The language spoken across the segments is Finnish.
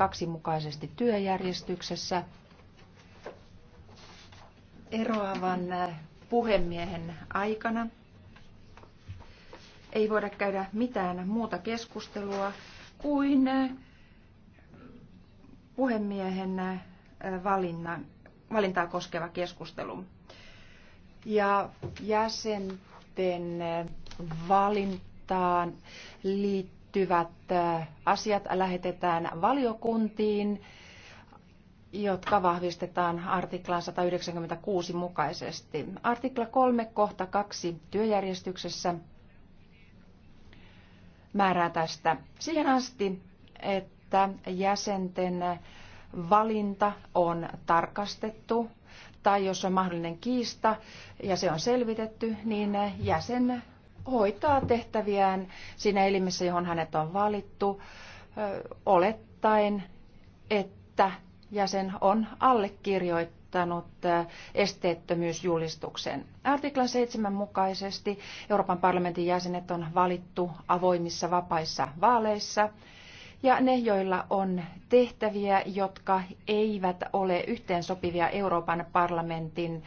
kaksi mukaisesti työjärjestyksessä eroavan äh, puhemiehen aikana. Ei voida käydä mitään muuta keskustelua kuin äh, puhemiehen äh, valinna, valintaa koskeva keskustelu. Ja jäsenten valintaan liittyy liittyvät äh, asiat lähetetään valiokuntiin, jotka vahvistetaan artiklan 196 mukaisesti. Artikla 3 kohta 2 työjärjestyksessä määrää tästä siihen asti, että jäsenten valinta on tarkastettu tai jos on mahdollinen kiista ja se on selvitetty, niin jäsen hoitaa tehtäviään siinä elimessä, johon hänet on valittu, olettaen, että jäsen on allekirjoittanut esteettömyysjulistuksen. Artiklan 7 mukaisesti Euroopan parlamentin jäsenet on valittu avoimissa vapaissa vaaleissa ja ne, joilla on tehtäviä, jotka eivät ole yhteensopivia Euroopan parlamentin äh,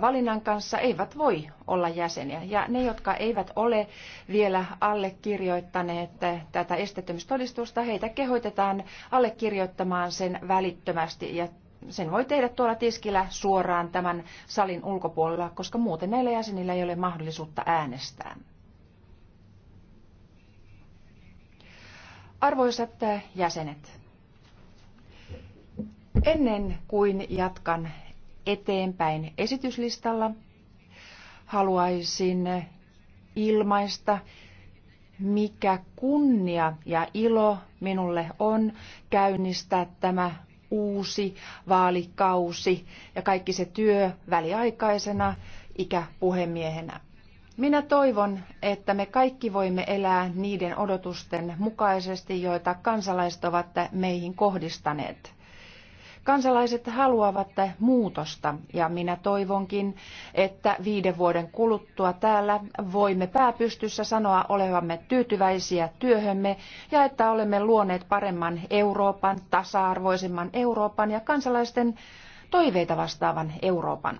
valinnan kanssa eivät voi olla jäseniä. Ja ne, jotka eivät ole vielä allekirjoittaneet tätä esteettömyystodistusta, heitä kehoitetaan allekirjoittamaan sen välittömästi ja sen voi tehdä tuolla tiskillä suoraan tämän salin ulkopuolella, koska muuten näillä jäsenillä ei ole mahdollisuutta äänestää. Arvoisat jäsenet, ennen kuin jatkan eteenpäin esityslistalla. Haluaisin ilmaista, mikä kunnia ja ilo minulle on käynnistää tämä uusi vaalikausi ja kaikki se työ väliaikaisena ikäpuhemiehenä. Minä toivon, että me kaikki voimme elää niiden odotusten mukaisesti, joita kansalaiset ovat meihin kohdistaneet. Kansalaiset haluavat muutosta ja minä toivonkin, että viiden vuoden kuluttua täällä voimme pääpystyssä sanoa olevamme tyytyväisiä työhömme ja että olemme luoneet paremman Euroopan, tasa-arvoisemman Euroopan ja kansalaisten toiveita vastaavan Euroopan.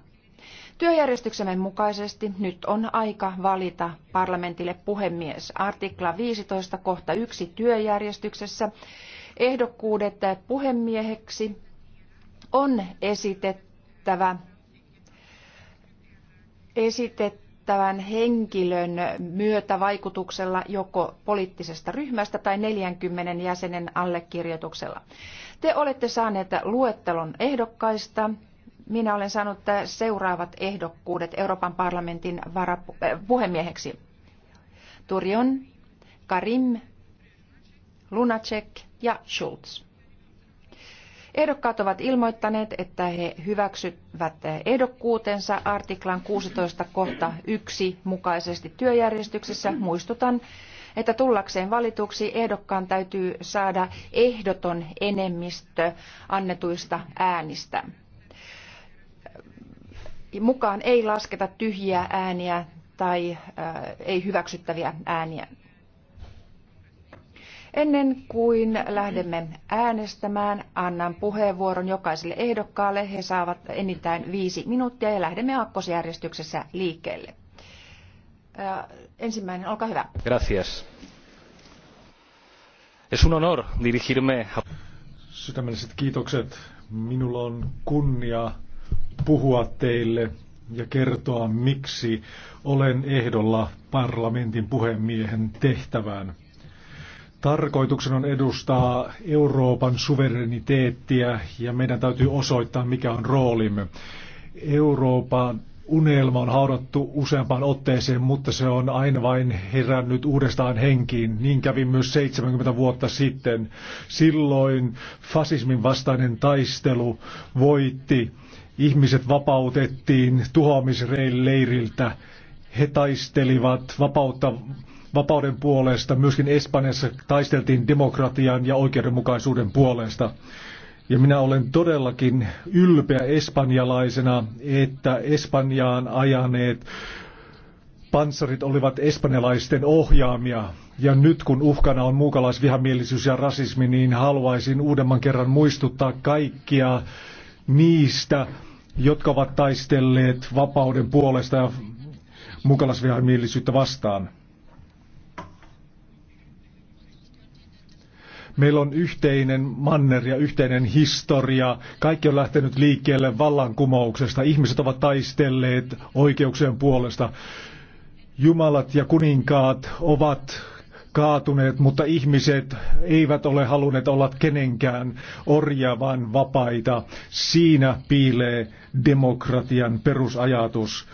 Työjärjestyksemme mukaisesti nyt on aika valita parlamentille puhemies. Artikla 15 kohta 1 työjärjestyksessä ehdokkuudet puhemieheksi on esitettävä esitettävän henkilön myötävaikutuksella joko poliittisesta ryhmästä tai 40 jäsenen allekirjoituksella. Te olette saaneet luettelon ehdokkaista. Minä olen saanut seuraavat ehdokkuudet Euroopan parlamentin eh, puhemieheksi. Turion, Karim, Lunacek ja Schulz. Ehdokkaat ovat ilmoittaneet, että he hyväksyvät ehdokkuutensa artiklan 16 kohta 1 mukaisesti työjärjestyksessä. Muistutan, että tullakseen valituksi ehdokkaan täytyy saada ehdoton enemmistö annetuista äänistä. Mukaan ei lasketa tyhjiä ääniä tai äh, ei hyväksyttäviä ääniä. Ennen kuin lähdemme äänestämään, annan puheenvuoron jokaiselle ehdokkaalle. He saavat enintään viisi minuuttia ja lähdemme aakkosjärjestyksessä liikkeelle. Ensimmäinen, olkaa hyvä. Gracias. Es un honor dirigirme. Sydämelliset kiitokset. Minulla on kunnia puhua teille ja kertoa, miksi olen ehdolla parlamentin puhemiehen tehtävään. Tarkoituksena on edustaa Euroopan suvereniteettia ja meidän täytyy osoittaa, mikä on roolimme. Euroopan unelma on haudattu useampaan otteeseen, mutta se on aina vain herännyt uudestaan henkiin. Niin kävi myös 70 vuotta sitten. Silloin fasismin vastainen taistelu voitti. Ihmiset vapautettiin tuhoamisreileiriltä. He taistelivat vapautta vapauden puolesta, myöskin Espanjassa taisteltiin demokratian ja oikeudenmukaisuuden puolesta. Ja minä olen todellakin ylpeä espanjalaisena, että Espanjaan ajaneet panssarit olivat espanjalaisten ohjaamia. Ja nyt kun uhkana on muukalaisvihamielisyys ja rasismi, niin haluaisin uudemman kerran muistuttaa kaikkia niistä, jotka ovat taistelleet vapauden puolesta ja muukalaisvihamielisyyttä vastaan. Meillä on yhteinen manner ja yhteinen historia. Kaikki on lähtenyt liikkeelle vallankumouksesta. Ihmiset ovat taistelleet oikeuksien puolesta. Jumalat ja kuninkaat ovat kaatuneet, mutta ihmiset eivät ole halunneet olla kenenkään orja, vaan vapaita. Siinä piilee demokratian perusajatus.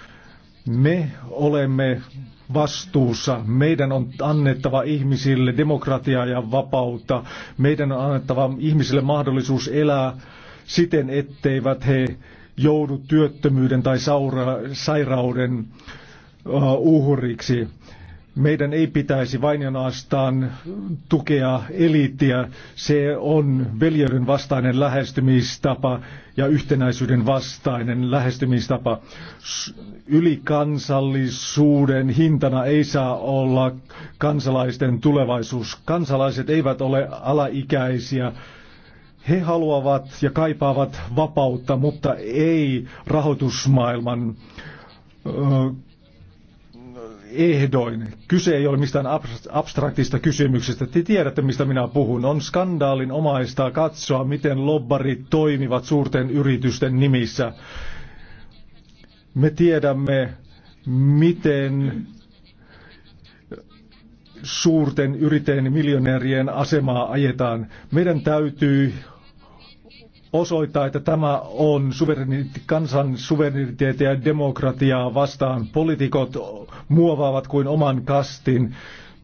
Me olemme vastuussa. Meidän on annettava ihmisille demokratiaa ja vapautta. Meidän on annettava ihmisille mahdollisuus elää siten, etteivät he joudu työttömyyden tai saura- sairauden uhriksi. Meidän ei pitäisi vain ja naastaan tukea eliittiä. Se on veljeyden vastainen lähestymistapa ja yhtenäisyyden vastainen lähestymistapa. Ylikansallisuuden hintana ei saa olla kansalaisten tulevaisuus. Kansalaiset eivät ole alaikäisiä. He haluavat ja kaipaavat vapautta, mutta ei rahoitusmaailman ehdoin. Kyse ei ole mistään abstraktista kysymyksestä. Te tiedätte, mistä minä puhun. On skandaalin omaista katsoa, miten lobbarit toimivat suurten yritysten nimissä. Me tiedämme, miten suurten yrittäjien miljonäärien asemaa ajetaan. Meidän täytyy osoittaa, että tämä on suvereniteetti, kansan suvereniteetti ja demokratiaa vastaan. Poliitikot muovaavat kuin oman kastin.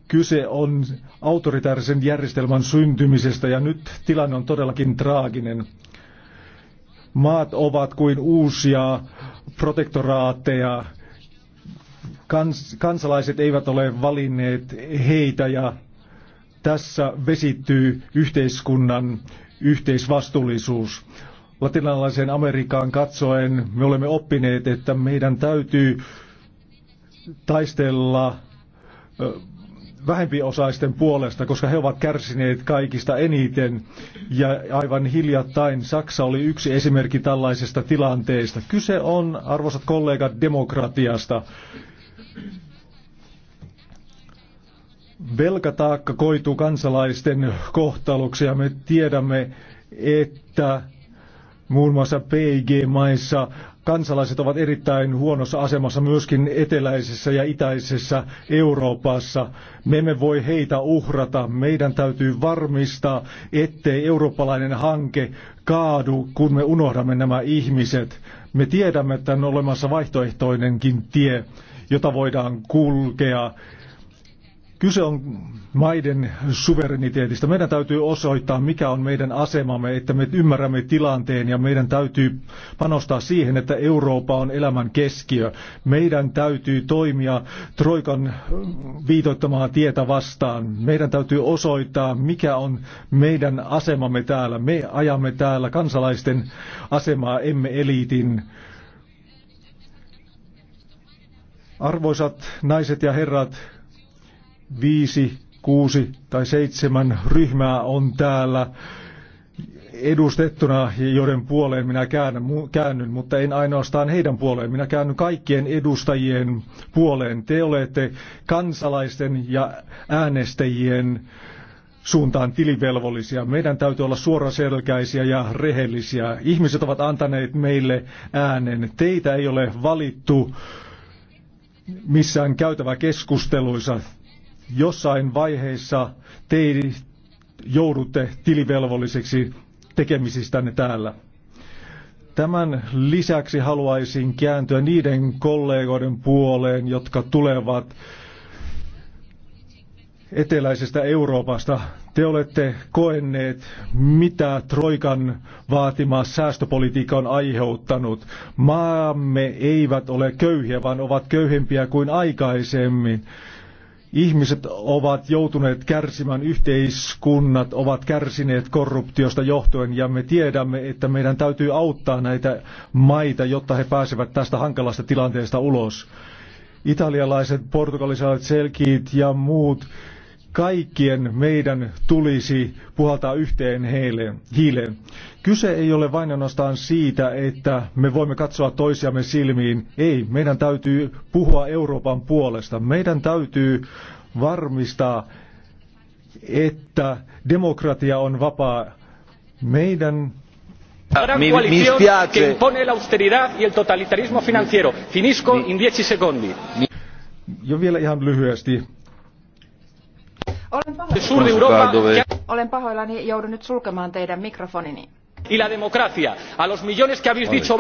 Kyse on autoritaarisen järjestelmän syntymisestä ja nyt tilanne on todellakin traaginen. Maat ovat kuin uusia protektoraatteja. Kans, kansalaiset eivät ole valinneet heitä ja tässä vesittyy yhteiskunnan yhteisvastuullisuus. Latinalaiseen Amerikkaan katsoen me olemme oppineet, että meidän täytyy taistella vähempiosaisten puolesta, koska he ovat kärsineet kaikista eniten. Ja aivan hiljattain Saksa oli yksi esimerkki tällaisesta tilanteesta. Kyse on, arvoisat kollegat, demokratiasta velkataakka koituu kansalaisten kohtaloksi ja me tiedämme, että muun muassa PIG-maissa kansalaiset ovat erittäin huonossa asemassa myöskin eteläisessä ja itäisessä Euroopassa. Me emme voi heitä uhrata. Meidän täytyy varmistaa, ettei eurooppalainen hanke kaadu, kun me unohdamme nämä ihmiset. Me tiedämme, että on olemassa vaihtoehtoinenkin tie, jota voidaan kulkea Kyse on maiden suvereniteetista. Meidän täytyy osoittaa, mikä on meidän asemamme, että me ymmärrämme tilanteen ja meidän täytyy panostaa siihen, että Eurooppa on elämän keskiö. Meidän täytyy toimia Troikan viitoittamaa tietä vastaan. Meidän täytyy osoittaa, mikä on meidän asemamme täällä. Me ajamme täällä kansalaisten asemaa, emme eliitin. Arvoisat naiset ja herrat, viisi, kuusi tai seitsemän ryhmää on täällä edustettuna, joiden puoleen minä käännyn, mutta en ainoastaan heidän puoleen. Minä käännyn kaikkien edustajien puoleen. Te olette kansalaisten ja äänestäjien suuntaan tilivelvollisia. Meidän täytyy olla suoraselkäisiä ja rehellisiä. Ihmiset ovat antaneet meille äänen. Teitä ei ole valittu missään käytävä keskusteluissa jossain vaiheessa te joudutte tilivelvolliseksi tekemisistänne täällä. Tämän lisäksi haluaisin kääntyä niiden kollegoiden puoleen, jotka tulevat eteläisestä Euroopasta. Te olette koenneet, mitä Troikan vaatima säästöpolitiikka on aiheuttanut. Maamme eivät ole köyhiä, vaan ovat köyhempiä kuin aikaisemmin. Ihmiset ovat joutuneet kärsimään, yhteiskunnat ovat kärsineet korruptiosta johtuen ja me tiedämme, että meidän täytyy auttaa näitä maita, jotta he pääsevät tästä hankalasta tilanteesta ulos. Italialaiset, portugalisalaiset, selkiit ja muut kaikkien meidän tulisi puhaltaa yhteen heileen, hiileen. Kyse ei ole vain ainoastaan siitä, että me voimme katsoa toisiamme silmiin. Ei, meidän täytyy puhua Euroopan puolesta. Meidän täytyy varmistaa, että demokratia on vapaa. Meidän mi, coalición che el totalitarismo Finisco in secondi. Jo vielä ihan lyhyesti olen pahoillani, Olen pahoillani joudun nyt sulkemaan teidän mikrofonini. Y la democracia. A los millones que habéis dicho...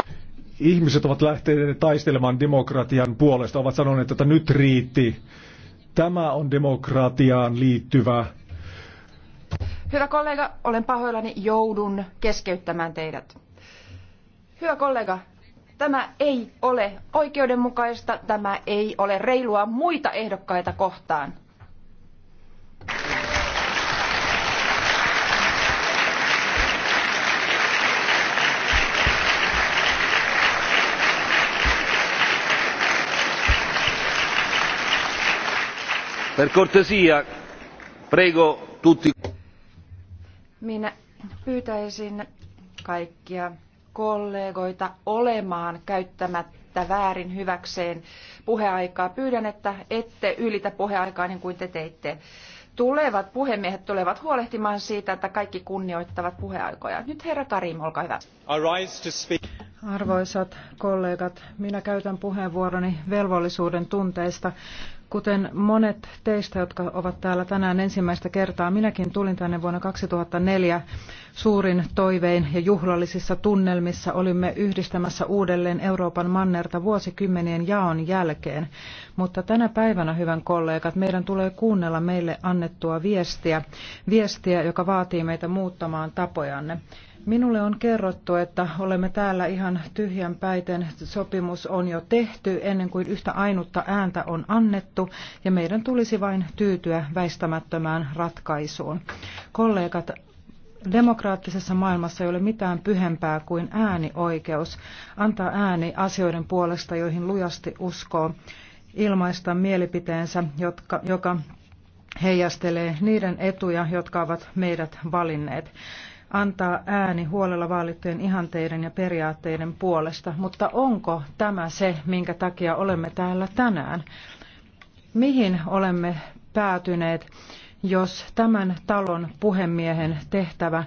Ihmiset ovat lähteneet taistelemaan demokratian puolesta, ovat sanoneet, että nyt riitti. Tämä on demokratiaan liittyvä Hyvä kollega, olen pahoillani, joudun keskeyttämään teidät. Hyvä kollega, tämä ei ole oikeudenmukaista, tämä ei ole reilua muita ehdokkaita kohtaan. Per cortesia, prego tutti. Minä pyytäisin kaikkia kollegoita olemaan käyttämättä väärin hyväkseen puheaikaa. Pyydän, että ette ylitä puheaikaa niin kuin te teitte. Tulevat puhemiehet tulevat huolehtimaan siitä, että kaikki kunnioittavat puheaikoja. Nyt herra Karim, olkaa hyvä. Arvoisat kollegat, minä käytän puheenvuoroni velvollisuuden tunteista. Kuten monet teistä, jotka ovat täällä tänään ensimmäistä kertaa, minäkin tulin tänne vuonna 2004 suurin toivein ja juhlallisissa tunnelmissa olimme yhdistämässä uudelleen Euroopan mannerta vuosikymmenien jaon jälkeen. Mutta tänä päivänä, hyvän kollegat, meidän tulee kuunnella meille annettua viestiä, viestiä, joka vaatii meitä muuttamaan tapojanne. Minulle on kerrottu, että olemme täällä ihan tyhjän päiten. Sopimus on jo tehty ennen kuin yhtä ainutta ääntä on annettu ja meidän tulisi vain tyytyä väistämättömään ratkaisuun. Kollegat, demokraattisessa maailmassa ei ole mitään pyhempää kuin äänioikeus. Antaa ääni asioiden puolesta, joihin lujasti uskoo. Ilmaista mielipiteensä, jotka, joka heijastelee niiden etuja, jotka ovat meidät valinneet antaa ääni huolella vaalittujen ihanteiden ja periaatteiden puolesta, mutta onko tämä se, minkä takia olemme täällä tänään? Mihin olemme päätyneet, jos tämän talon puhemiehen tehtävä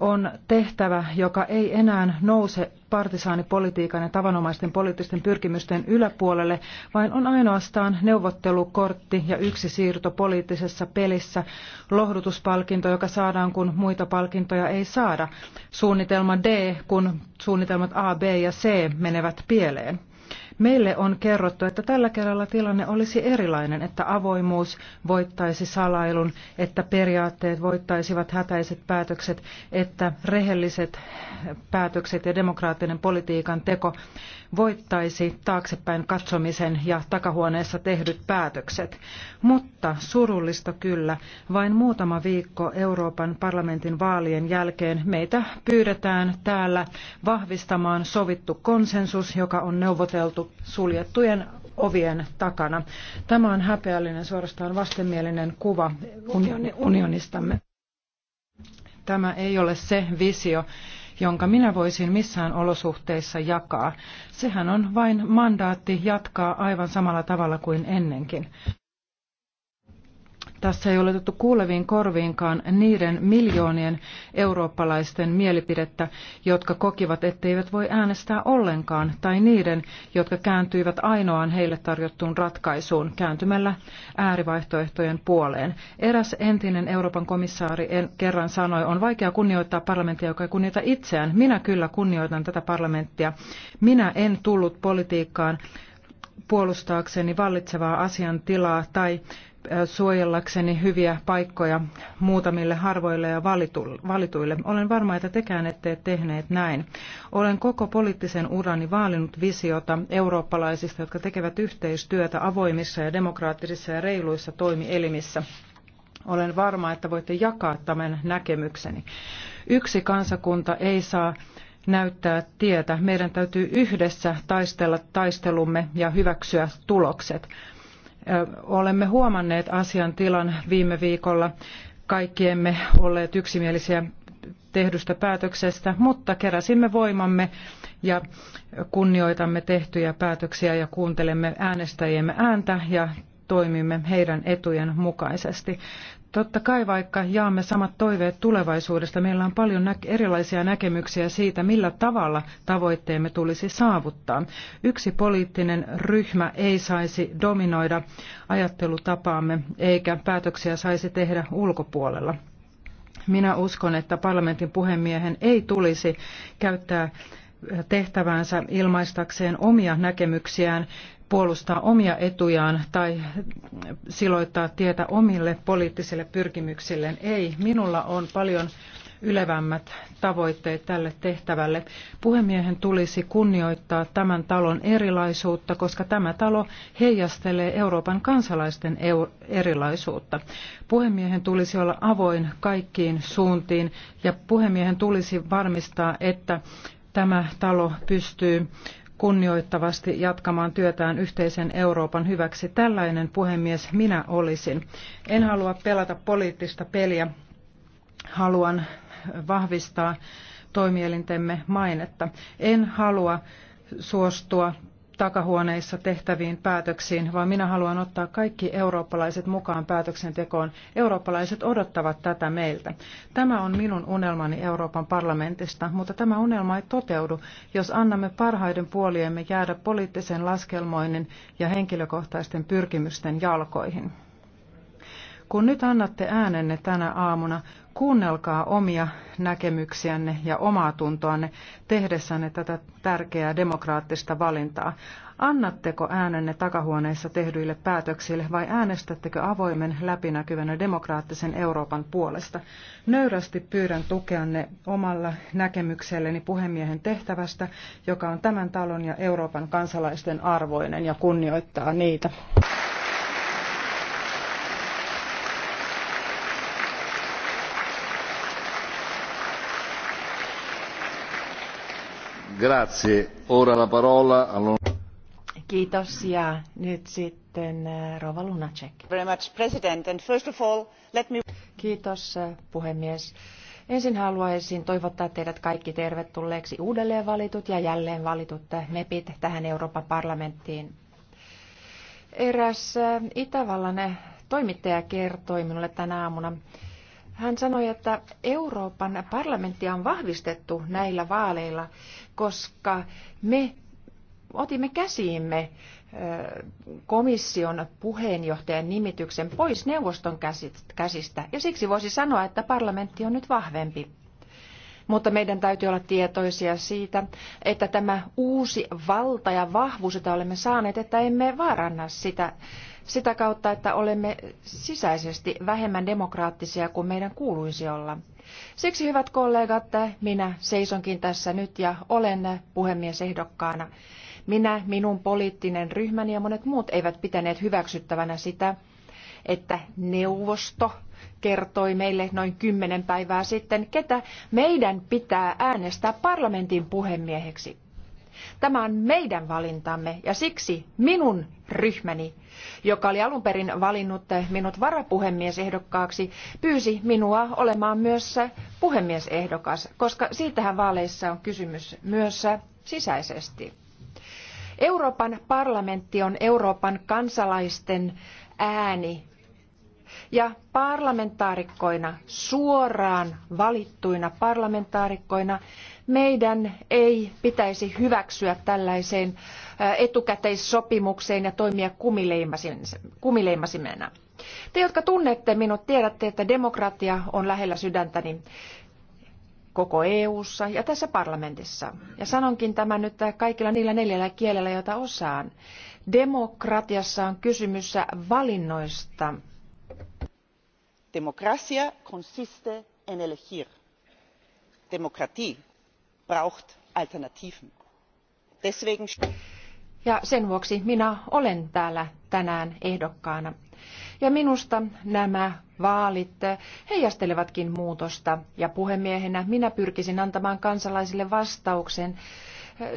on tehtävä, joka ei enää nouse partisaanipolitiikan ja tavanomaisten poliittisten pyrkimysten yläpuolelle, vaan on ainoastaan neuvottelukortti ja yksi siirto poliittisessa pelissä, lohdutuspalkinto, joka saadaan, kun muita palkintoja ei saada, suunnitelma D, kun suunnitelmat A, B ja C menevät pieleen. Meille on kerrottu, että tällä kerralla tilanne olisi erilainen, että avoimuus voittaisi salailun, että periaatteet voittaisivat hätäiset päätökset, että rehelliset päätökset ja demokraattinen politiikan teko voittaisi taaksepäin katsomisen ja takahuoneessa tehdyt päätökset. Mutta surullista kyllä, vain muutama viikko Euroopan parlamentin vaalien jälkeen meitä pyydetään täällä vahvistamaan sovittu konsensus, joka on neuvoteltu suljettujen ovien takana. Tämä on häpeällinen, suorastaan vastenmielinen kuva unionistamme. Tämä ei ole se visio, jonka minä voisin missään olosuhteissa jakaa. Sehän on vain mandaatti jatkaa aivan samalla tavalla kuin ennenkin. Tässä ei ole otettu kuuleviin korviinkaan niiden miljoonien eurooppalaisten mielipidettä, jotka kokivat, etteivät voi äänestää ollenkaan, tai niiden, jotka kääntyivät ainoaan heille tarjottuun ratkaisuun kääntymällä äärivaihtoehtojen puoleen. Eräs entinen Euroopan komissaari en kerran sanoi, on vaikea kunnioittaa parlamenttia, joka ei kunnioita itseään. Minä kyllä kunnioitan tätä parlamenttia. Minä en tullut politiikkaan puolustaakseni vallitsevaa asiantilaa tai suojellakseni hyviä paikkoja muutamille harvoille ja valituille. Olen varma, että tekään ette tehneet näin. Olen koko poliittisen urani vaalinut visiota eurooppalaisista, jotka tekevät yhteistyötä avoimissa ja demokraattisissa ja reiluissa toimielimissä. Olen varma, että voitte jakaa tämän näkemykseni. Yksi kansakunta ei saa näyttää tietä. Meidän täytyy yhdessä taistella taistelumme ja hyväksyä tulokset. Olemme huomanneet asian tilan viime viikolla. Kaikki emme olleet yksimielisiä tehdystä päätöksestä, mutta keräsimme voimamme ja kunnioitamme tehtyjä päätöksiä ja kuuntelemme äänestäjiemme ääntä ja toimimme heidän etujen mukaisesti. Totta kai vaikka jaamme samat toiveet tulevaisuudesta, meillä on paljon nä- erilaisia näkemyksiä siitä, millä tavalla tavoitteemme tulisi saavuttaa. Yksi poliittinen ryhmä ei saisi dominoida ajattelutapaamme eikä päätöksiä saisi tehdä ulkopuolella. Minä uskon, että parlamentin puhemiehen ei tulisi käyttää tehtäväänsä ilmaistakseen omia näkemyksiään puolustaa omia etujaan tai siloittaa tietä omille poliittisille pyrkimyksilleen. Ei, minulla on paljon ylevämmät tavoitteet tälle tehtävälle. Puhemiehen tulisi kunnioittaa tämän talon erilaisuutta, koska tämä talo heijastelee Euroopan kansalaisten erilaisuutta. Puhemiehen tulisi olla avoin kaikkiin suuntiin ja puhemiehen tulisi varmistaa, että tämä talo pystyy kunnioittavasti jatkamaan työtään yhteisen Euroopan hyväksi. Tällainen puhemies minä olisin. En halua pelata poliittista peliä. Haluan vahvistaa toimielintemme mainetta. En halua suostua takahuoneissa tehtäviin päätöksiin, vaan minä haluan ottaa kaikki eurooppalaiset mukaan päätöksentekoon. Eurooppalaiset odottavat tätä meiltä. Tämä on minun unelmani Euroopan parlamentista, mutta tämä unelma ei toteudu, jos annamme parhaiden puoliemme jäädä poliittisen laskelmoinnin ja henkilökohtaisten pyrkimysten jalkoihin. Kun nyt annatte äänenne tänä aamuna, kuunnelkaa omia näkemyksiänne ja omaa tuntoanne tehdessänne tätä tärkeää demokraattista valintaa. Annatteko äänenne takahuoneissa tehdyille päätöksille vai äänestättekö avoimen, läpinäkyvän ja demokraattisen Euroopan puolesta? Nöyrästi pyydän tukeanne omalla näkemykselleni puhemiehen tehtävästä, joka on tämän talon ja Euroopan kansalaisten arvoinen ja kunnioittaa niitä. Kiitos ja nyt sitten äh, Lunacek. Kiitos äh, puhemies. Ensin haluaisin toivottaa teidät kaikki tervetulleeksi uudelleen valitut ja jälleen valitut MEPit tähän Euroopan parlamenttiin. Eräs äh, Itävallan toimittaja kertoi minulle tänä aamuna, hän sanoi, että Euroopan parlamenttia on vahvistettu näillä vaaleilla, koska me otimme käsiimme komission puheenjohtajan nimityksen pois neuvoston käsistä, ja siksi voisi sanoa, että parlamentti on nyt vahvempi. Mutta meidän täytyy olla tietoisia siitä, että tämä uusi valta ja vahvuus, jota olemme saaneet, että emme vaaranna sitä sitä kautta, että olemme sisäisesti vähemmän demokraattisia kuin meidän kuuluisi olla. Siksi, hyvät kollegat, minä seisonkin tässä nyt ja olen puhemiesehdokkaana. Minä, minun poliittinen ryhmäni ja monet muut eivät pitäneet hyväksyttävänä sitä, että neuvosto kertoi meille noin kymmenen päivää sitten, ketä meidän pitää äänestää parlamentin puhemieheksi. Tämä on meidän valintamme ja siksi minun ryhmäni, joka oli alun perin valinnut minut varapuhemiesehdokkaaksi, pyysi minua olemaan myös puhemiesehdokas, koska siitähän vaaleissa on kysymys myös sisäisesti. Euroopan parlamentti on Euroopan kansalaisten ääni ja parlamentaarikkoina, suoraan valittuina parlamentaarikkoina, meidän ei pitäisi hyväksyä tällaiseen äh, etukäteissopimukseen ja toimia kumileimasimena. Te, jotka tunnette minut, tiedätte, että demokratia on lähellä sydäntäni niin koko EU:ssa ja tässä parlamentissa. Ja sanonkin tämän nyt kaikilla niillä neljällä kielellä, joita osaan. Demokratiassa on kysymys valinnoista demokratie consiste en elegir demokratie braucht alternativen. Deswegen... Ja sen vuoksi minä olen täällä tänään ehdokkaana. Ja minusta nämä vaalit heijastelevatkin muutosta ja puhemiehenä minä pyrkisin antamaan kansalaisille vastauksen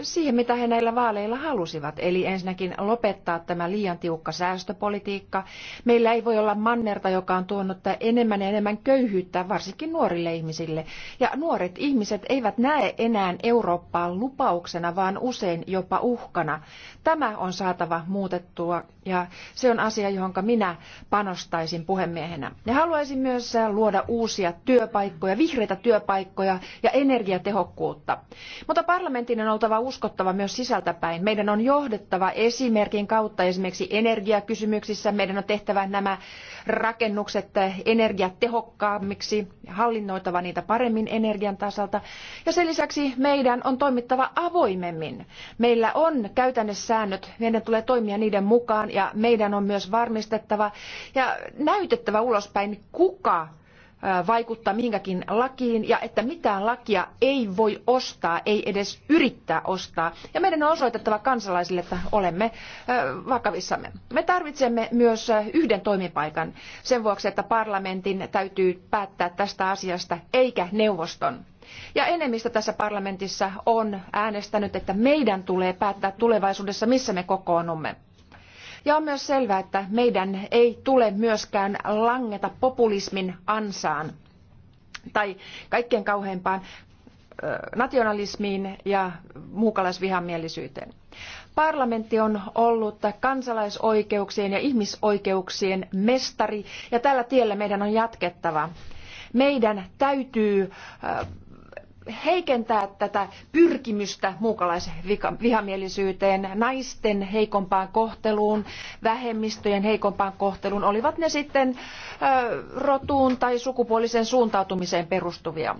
siihen, mitä he näillä vaaleilla halusivat. Eli ensinnäkin lopettaa tämä liian tiukka säästöpolitiikka. Meillä ei voi olla mannerta, joka on tuonut enemmän ja enemmän köyhyyttä, varsinkin nuorille ihmisille. Ja nuoret ihmiset eivät näe enää Eurooppaa lupauksena, vaan usein jopa uhkana. Tämä on saatava muutettua ja se on asia, johon minä panostaisin puhemiehenä. Ja haluaisin myös luoda uusia työpaikkoja, vihreitä työpaikkoja ja energiatehokkuutta. Mutta parlamentin on oltava oltava uskottava myös sisältäpäin. Meidän on johdettava esimerkin kautta esimerkiksi energiakysymyksissä. Meidän on tehtävä nämä rakennukset energiatehokkaammiksi, hallinnoitava niitä paremmin energian tasalta. Ja sen lisäksi meidän on toimittava avoimemmin. Meillä on käytännössäännöt, meidän tulee toimia niiden mukaan ja meidän on myös varmistettava ja näytettävä ulospäin, kuka vaikuttaa mihinkäkin lakiin ja että mitään lakia ei voi ostaa, ei edes yrittää ostaa. Ja meidän on osoitettava kansalaisille, että olemme vakavissamme. Me tarvitsemme myös yhden toimipaikan sen vuoksi, että parlamentin täytyy päättää tästä asiasta eikä neuvoston. Ja enemmistö tässä parlamentissa on äänestänyt, että meidän tulee päättää tulevaisuudessa, missä me kokoonnumme ja on myös selvää, että meidän ei tule myöskään langeta populismin ansaan tai kaikkein kauheimpaan nationalismiin ja muukalaisvihamielisyyteen. Parlamentti on ollut kansalaisoikeuksien ja ihmisoikeuksien mestari ja tällä tiellä meidän on jatkettava. Meidän täytyy heikentää tätä pyrkimystä muukalaisen vihamielisyyteen, naisten heikompaan kohteluun, vähemmistöjen heikompaan kohteluun, olivat ne sitten rotuun tai sukupuoliseen suuntautumiseen perustuvia.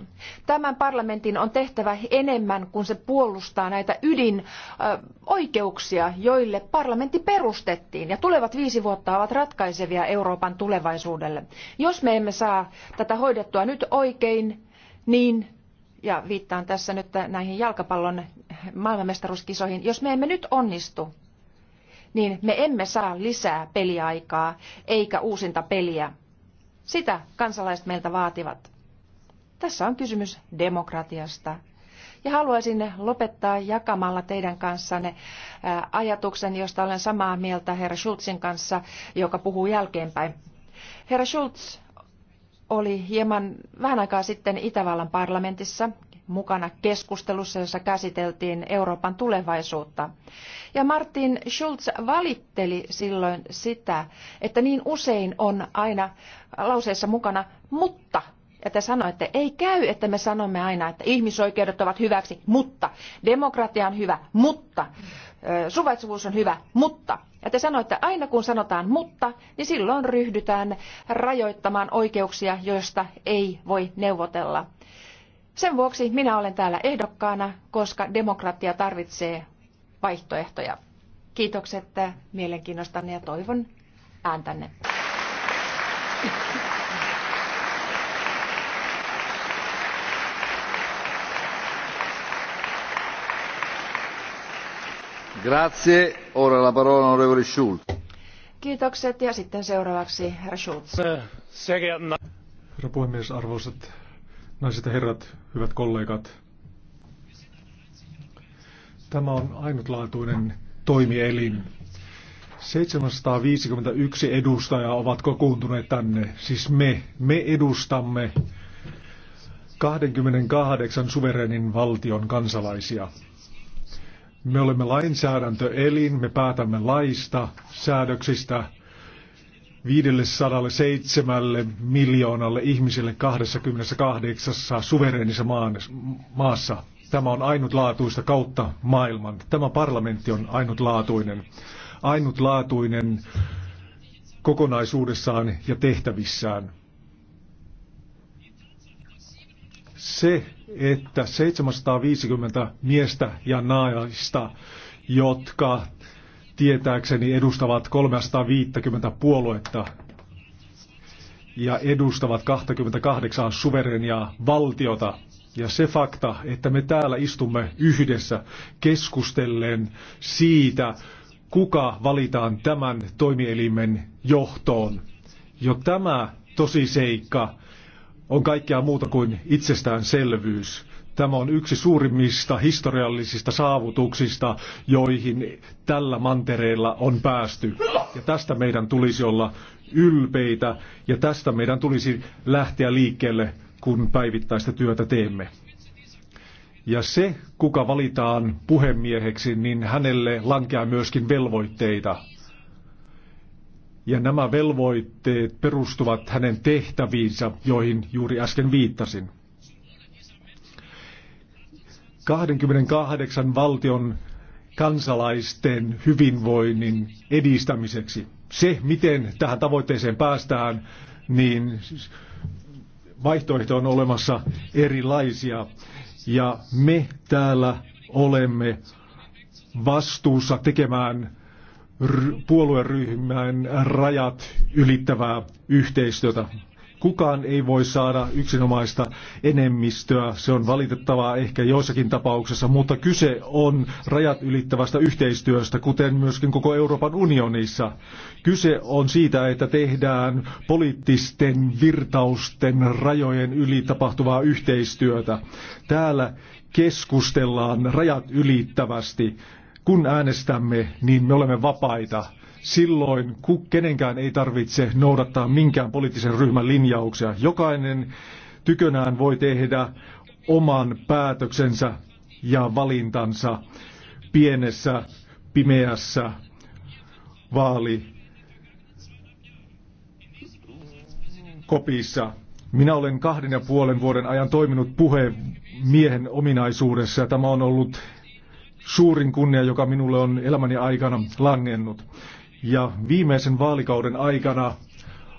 Tämän parlamentin on tehtävä enemmän, kun se puolustaa näitä ydinoikeuksia, joille parlamentti perustettiin. Ja tulevat viisi vuotta ovat ratkaisevia Euroopan tulevaisuudelle. Jos me emme saa tätä hoidettua nyt oikein, niin ja viittaan tässä nyt näihin jalkapallon maailmanmestaruuskisoihin, jos me emme nyt onnistu, niin me emme saa lisää peliaikaa eikä uusinta peliä. Sitä kansalaiset meiltä vaativat. Tässä on kysymys demokratiasta. Ja haluaisin lopettaa jakamalla teidän kanssanne ajatuksen, josta olen samaa mieltä herra Schulzin kanssa, joka puhuu jälkeenpäin. Herra Schulz, oli hieman vähän aikaa sitten Itävallan parlamentissa mukana keskustelussa, jossa käsiteltiin Euroopan tulevaisuutta. Ja Martin Schulz valitteli silloin sitä, että niin usein on aina lauseessa mukana mutta ja te sanoitte, ei käy, että me sanomme aina, että ihmisoikeudet ovat hyväksi, mutta demokratia on hyvä, mutta suvaitsevuus on hyvä, mutta. Ja te sanoitte, että aina kun sanotaan mutta, niin silloin ryhdytään rajoittamaan oikeuksia, joista ei voi neuvotella. Sen vuoksi minä olen täällä ehdokkaana, koska demokratia tarvitsee vaihtoehtoja. Kiitokset mielenkiinnostanne ja toivon ääntänne. Kiitokset ja sitten seuraavaksi herra Schulz. Eh, herra puhemies, arvoisat naiset ja herrat, hyvät kollegat. Tämä on ainutlaatuinen toimielin. 751 edustajaa ovat kokoontuneet tänne. Siis me, me edustamme 28 suverenin valtion kansalaisia. Me olemme lainsäädäntöelin, me päätämme laista, säädöksistä 507 miljoonalle ihmiselle 28 suvereenissa maassa. Tämä on ainutlaatuista kautta maailman. Tämä parlamentti on ainutlaatuinen. Ainutlaatuinen kokonaisuudessaan ja tehtävissään. se, että 750 miestä ja naista, jotka tietääkseni edustavat 350 puoluetta ja edustavat 28 suverenia valtiota. Ja se fakta, että me täällä istumme yhdessä keskustellen siitä, kuka valitaan tämän toimielimen johtoon. Jo tämä tosiseikka on kaikkea muuta kuin itsestäänselvyys. Tämä on yksi suurimmista historiallisista saavutuksista, joihin tällä mantereella on päästy. Ja tästä meidän tulisi olla ylpeitä ja tästä meidän tulisi lähteä liikkeelle, kun päivittäistä työtä teemme. Ja se, kuka valitaan puhemieheksi, niin hänelle lankeaa myöskin velvoitteita. Ja nämä velvoitteet perustuvat hänen tehtäviinsä, joihin juuri äsken viittasin. 28 valtion kansalaisten hyvinvoinnin edistämiseksi. Se, miten tähän tavoitteeseen päästään, niin vaihtoehto on olemassa erilaisia. Ja me täällä olemme vastuussa tekemään puolueryhmän rajat ylittävää yhteistyötä. Kukaan ei voi saada yksinomaista enemmistöä, se on valitettavaa ehkä joissakin tapauksessa, mutta kyse on rajat ylittävästä yhteistyöstä, kuten myöskin koko Euroopan unionissa. Kyse on siitä, että tehdään poliittisten virtausten rajojen yli tapahtuvaa yhteistyötä. Täällä keskustellaan rajat ylittävästi kun äänestämme, niin me olemme vapaita. Silloin kenenkään ei tarvitse noudattaa minkään poliittisen ryhmän linjauksia. Jokainen tykönään voi tehdä oman päätöksensä ja valintansa pienessä, pimeässä vaali kopissa. Minä olen kahden ja puolen vuoden ajan toiminut puhemiehen ominaisuudessa ja tämä on ollut suurin kunnia, joka minulle on elämäni aikana langennut. Ja viimeisen vaalikauden aikana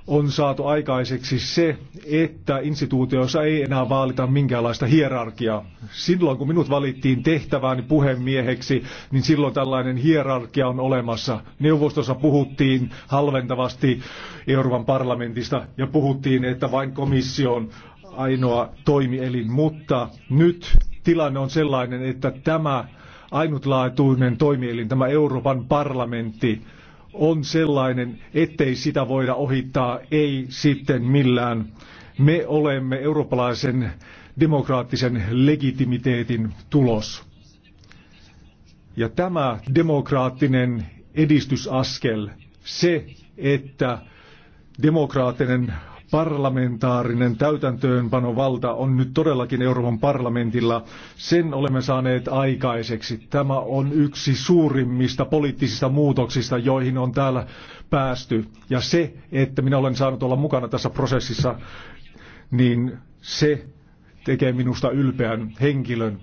on saatu aikaiseksi se, että instituutioissa ei enää vaalita minkäänlaista hierarkiaa. Silloin kun minut valittiin tehtävääni puhemieheksi, niin silloin tällainen hierarkia on olemassa. Neuvostossa puhuttiin halventavasti Euroopan parlamentista ja puhuttiin, että vain komissio on ainoa toimielin, mutta nyt tilanne on sellainen, että tämä ainutlaatuinen toimielin, tämä Euroopan parlamentti, on sellainen, ettei sitä voida ohittaa, ei sitten millään. Me olemme eurooppalaisen demokraattisen legitimiteetin tulos. Ja tämä demokraattinen edistysaskel, se, että demokraattinen parlamentaarinen täytäntöönpanovalta on nyt todellakin Euroopan parlamentilla. Sen olemme saaneet aikaiseksi. Tämä on yksi suurimmista poliittisista muutoksista, joihin on täällä päästy. Ja se, että minä olen saanut olla mukana tässä prosessissa, niin se tekee minusta ylpeän henkilön.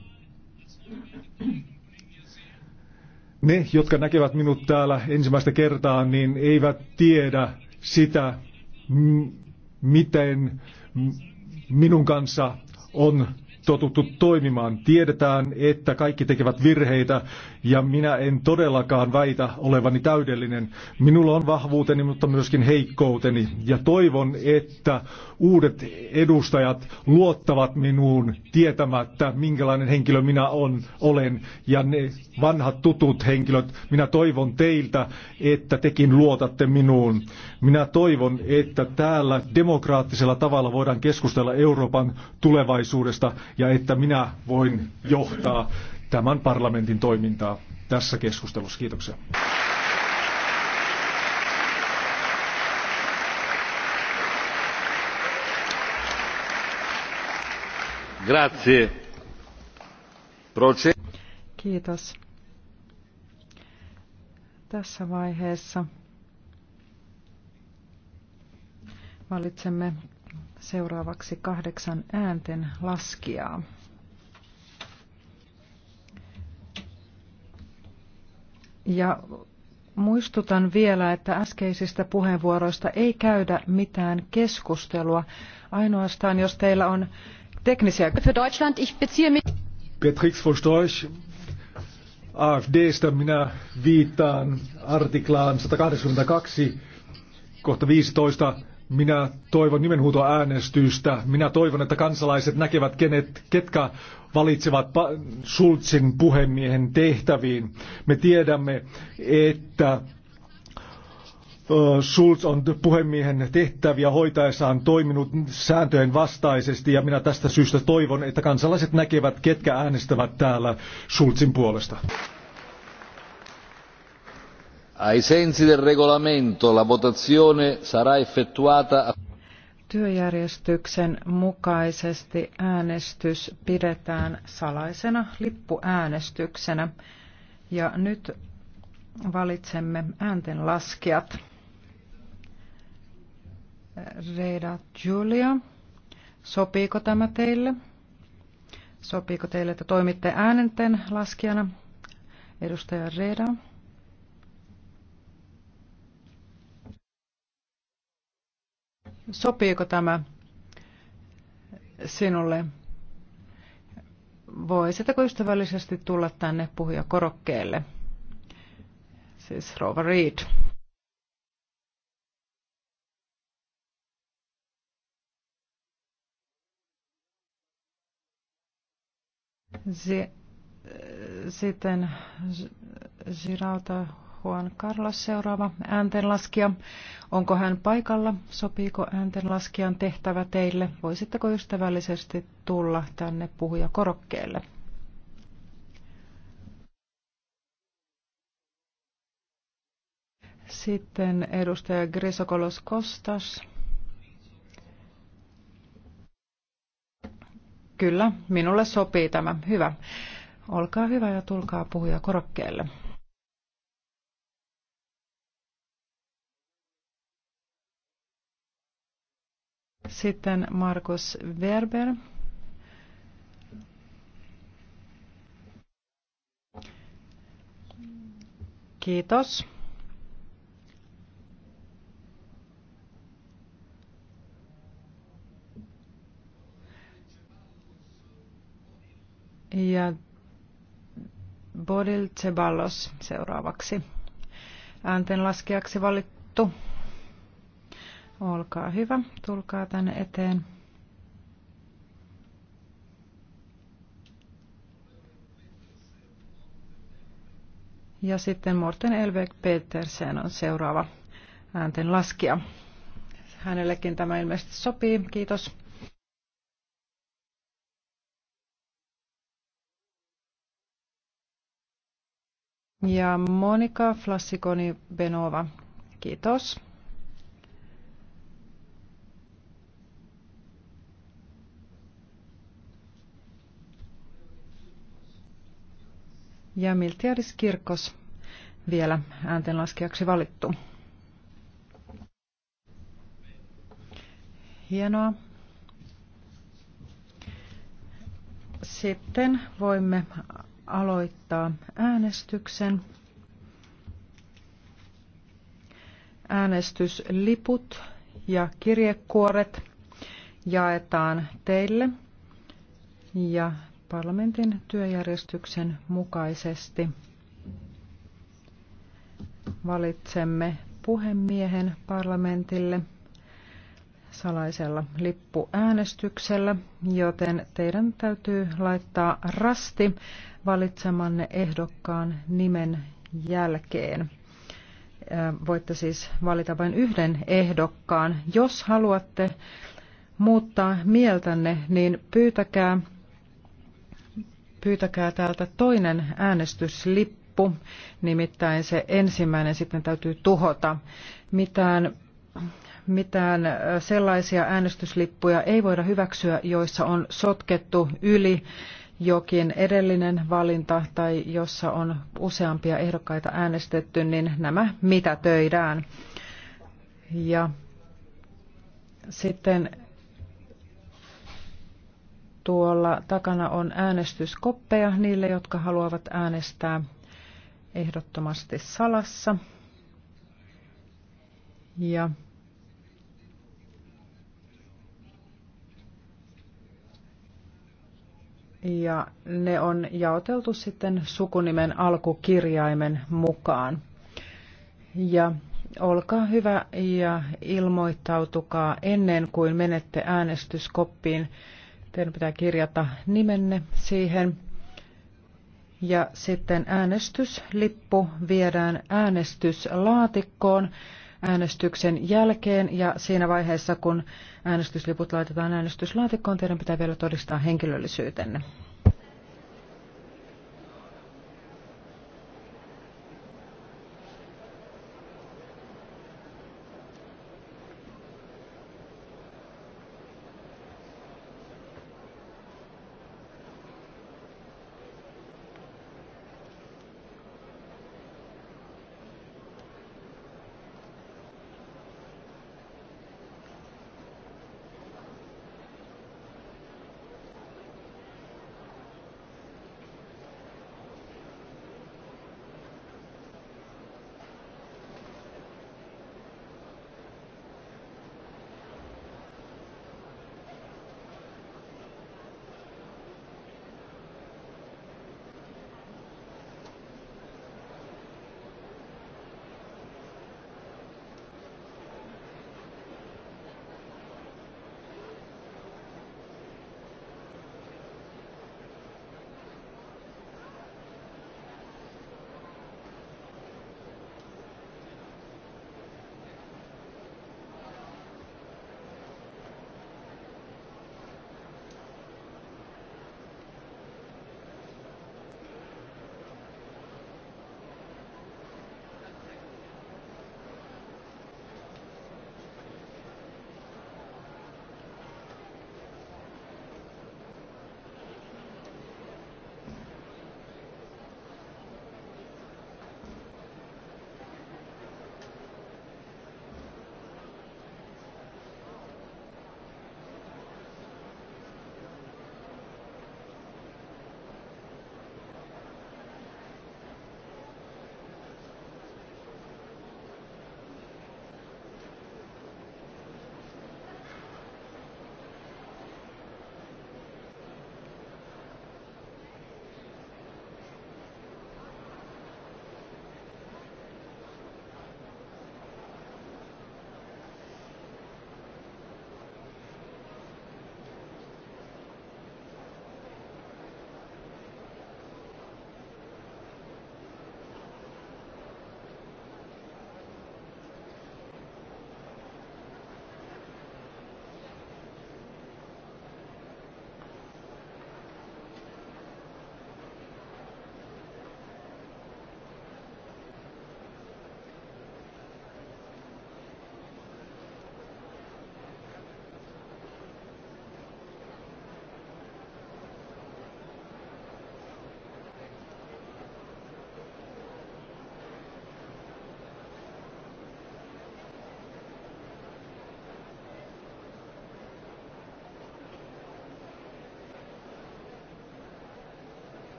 Ne, jotka näkevät minut täällä ensimmäistä kertaa, niin eivät tiedä sitä, miten minun kanssa on totuttu toimimaan. Tiedetään, että kaikki tekevät virheitä ja minä en todellakaan väitä olevani täydellinen. Minulla on vahvuuteni, mutta myöskin heikkouteni ja toivon, että uudet edustajat luottavat minuun tietämättä, minkälainen henkilö minä on, olen ja ne vanhat tutut henkilöt, minä toivon teiltä, että tekin luotatte minuun. Minä toivon, että täällä demokraattisella tavalla voidaan keskustella Euroopan tulevaisuudesta ja että minä voin johtaa tämän parlamentin toimintaa tässä keskustelussa. Kiitoksia. Grazie. Proce- Kiitos. Tässä vaiheessa valitsemme seuraavaksi kahdeksan äänten laskijaa. Ja muistutan vielä, että äskeisistä puheenvuoroista ei käydä mitään keskustelua. Ainoastaan, jos teillä on teknisiä... Für Deutschland, ich beziehe mich... Petrix von Storch, AFDstä minä viittaan artiklaan 182, kohta 15 minä toivon nimenhuuto äänestystä. Minä toivon, että kansalaiset näkevät, kenet, ketkä valitsevat Sultsin puhemiehen tehtäviin. Me tiedämme, että Schulz on puhemiehen tehtäviä hoitaessaan toiminut sääntöjen vastaisesti ja minä tästä syystä toivon, että kansalaiset näkevät, ketkä äänestävät täällä Schulzin puolesta ai sensi del regolamento la votazione sarà effettuata Työjärjestyksen mukaisesti äänestys pidetään salaisena lippuäänestyksenä ja nyt valitsemme ääntenlaskijat. Reida Julia, sopiiko tämä teille? Sopiiko teille, että toimitte äänenten laskijana? Edustaja Reida. Sopiiko tämä sinulle? Voisitko ystävällisesti tulla tänne korokkeelle? Siis Rova Reed. sitten zirauta. Juan Carlos seuraava ääntenlaskija. Onko hän paikalla? Sopiiko ääntenlaskijan tehtävä teille? Voisitteko ystävällisesti tulla tänne puhujakorokkeelle? Sitten edustaja Grisokolos Kostas. Kyllä, minulle sopii tämä. Hyvä. Olkaa hyvä ja tulkaa puhuja korokkeelle. Sitten Markus Werber. Kiitos. Ja Bodil Ceballos seuraavaksi ääntenlaskijaksi valittu. Olkaa hyvä, tulkaa tänne eteen. Ja sitten Morten Elvek Petersen on seuraava äänten laskija. Hänellekin tämä ilmeisesti sopii. Kiitos. Ja Monika Flassikoni Benova. Kiitos. ja Miltiadis Kirkos vielä ääntenlaskijaksi valittu. Hienoa. Sitten voimme aloittaa äänestyksen. Äänestysliput ja kirjekuoret jaetaan teille ja parlamentin työjärjestyksen mukaisesti valitsemme puhemiehen parlamentille salaisella lippuäänestyksellä, joten teidän täytyy laittaa rasti valitsemanne ehdokkaan nimen jälkeen. Voitte siis valita vain yhden ehdokkaan. Jos haluatte muuttaa mieltänne, niin pyytäkää pyytäkää täältä toinen äänestyslippu, nimittäin se ensimmäinen sitten täytyy tuhota. Mitään, mitään sellaisia äänestyslippuja ei voida hyväksyä, joissa on sotkettu yli jokin edellinen valinta tai jossa on useampia ehdokkaita äänestetty, niin nämä mitä töidään. Ja sitten Tuolla takana on äänestyskoppeja niille, jotka haluavat äänestää ehdottomasti salassa. Ja Ja ne on jaoteltu sitten sukunimen alkukirjaimen mukaan. Ja olkaa hyvä ja ilmoittautukaa ennen kuin menette äänestyskoppiin Teidän pitää kirjata nimenne siihen. Ja sitten äänestyslippu viedään äänestyslaatikkoon äänestyksen jälkeen ja siinä vaiheessa, kun äänestysliput laitetaan äänestyslaatikkoon, teidän pitää vielä todistaa henkilöllisyytenne.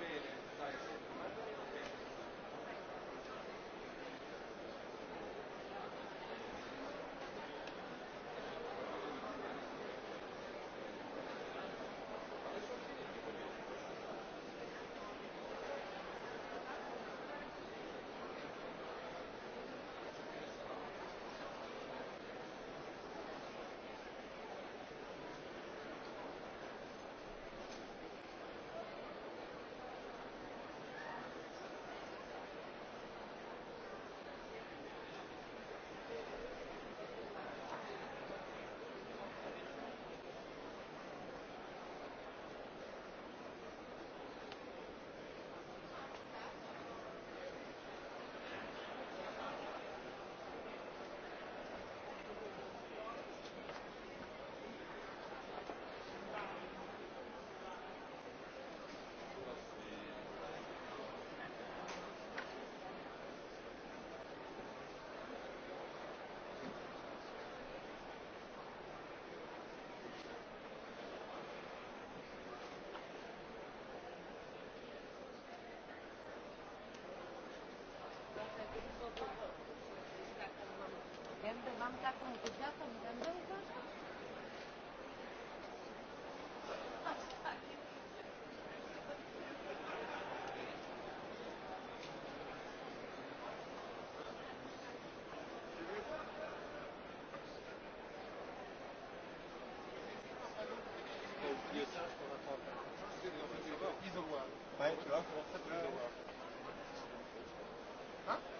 bene. Będę, mam taką kudziatą, będę Isoloir. Ouais, tu vois, pour ça, tu isoloir. Hein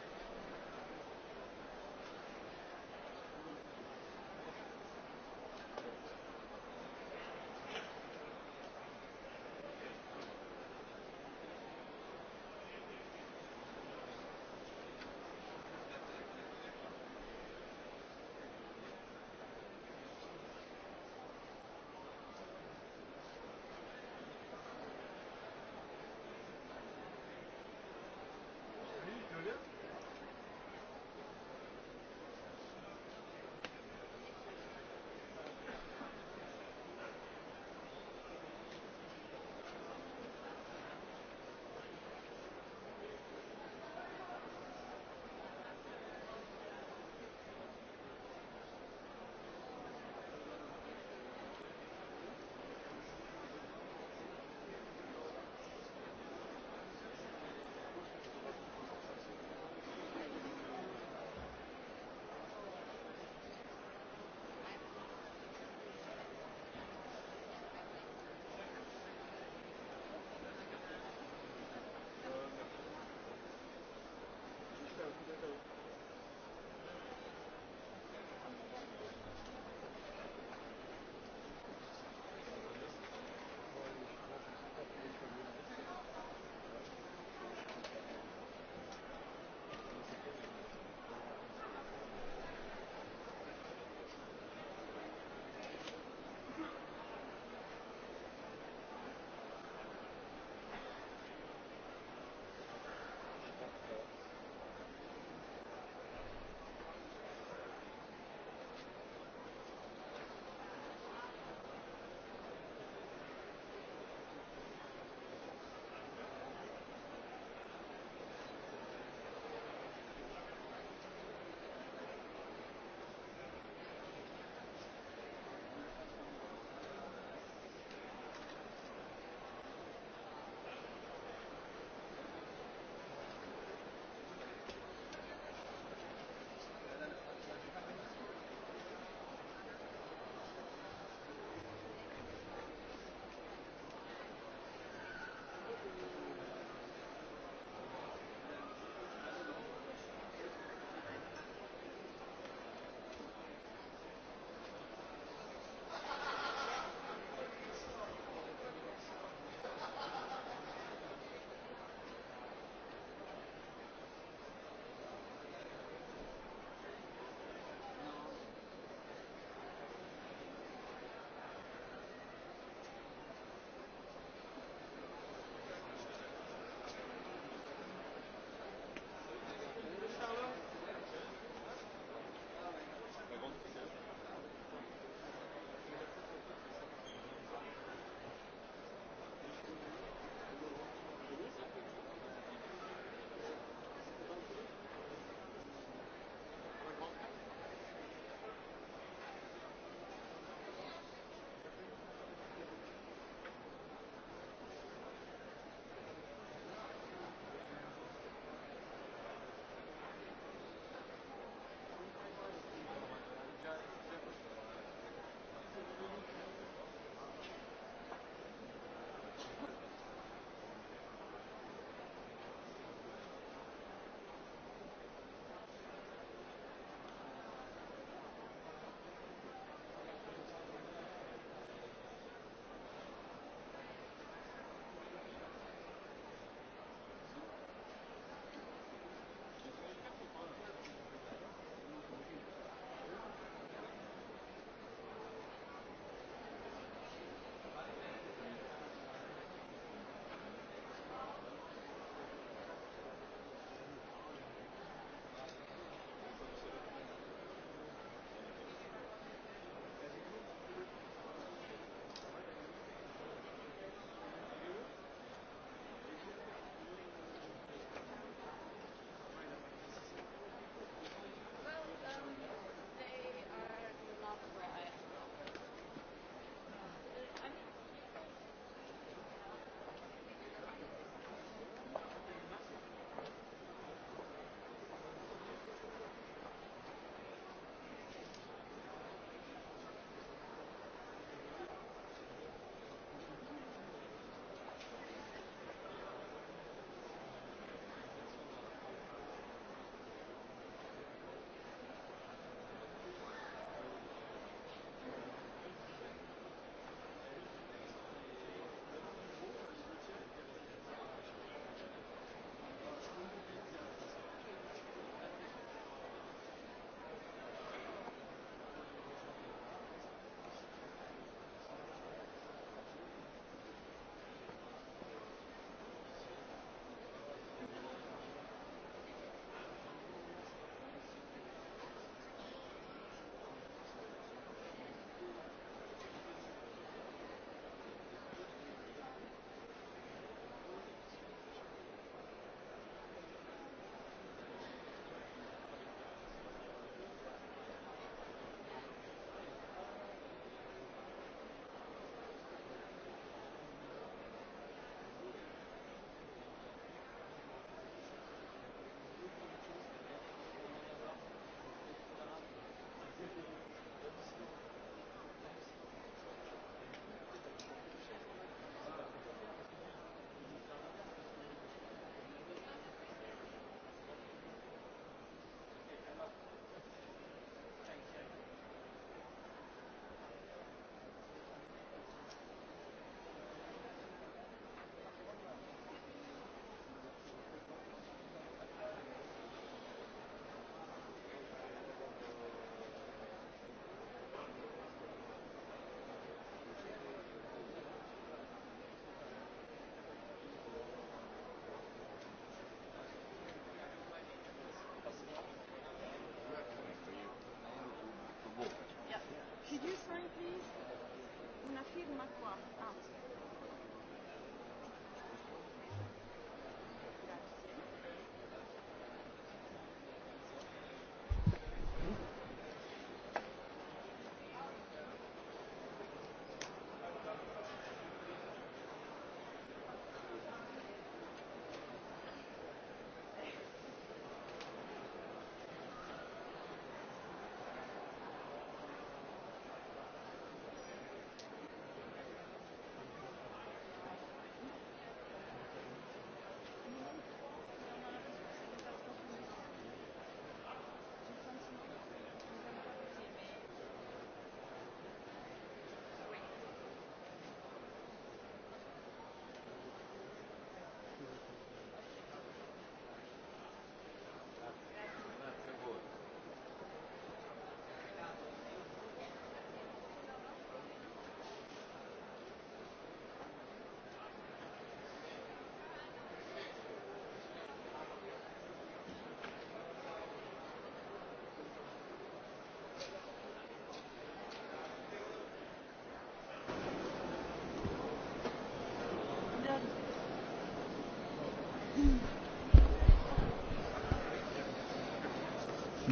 firma qua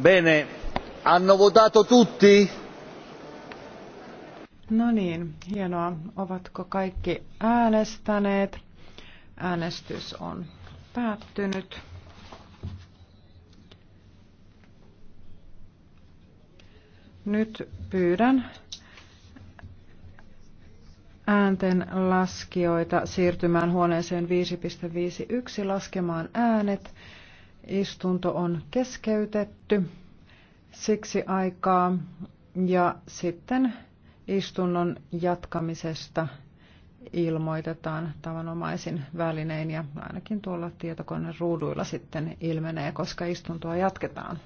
Bene, hanno votato tutti? No niin, hienoa. Ovatko kaikki äänestäneet? Äänestys on päättynyt. Nyt pyydän äänten laskijoita siirtymään huoneeseen 5.51 laskemaan äänet. Istunto on keskeytetty siksi aikaa ja sitten istunnon jatkamisesta ilmoitetaan tavanomaisin välinein ja ainakin tuolla tietokoneen ruuduilla sitten ilmenee, koska istuntoa jatketaan.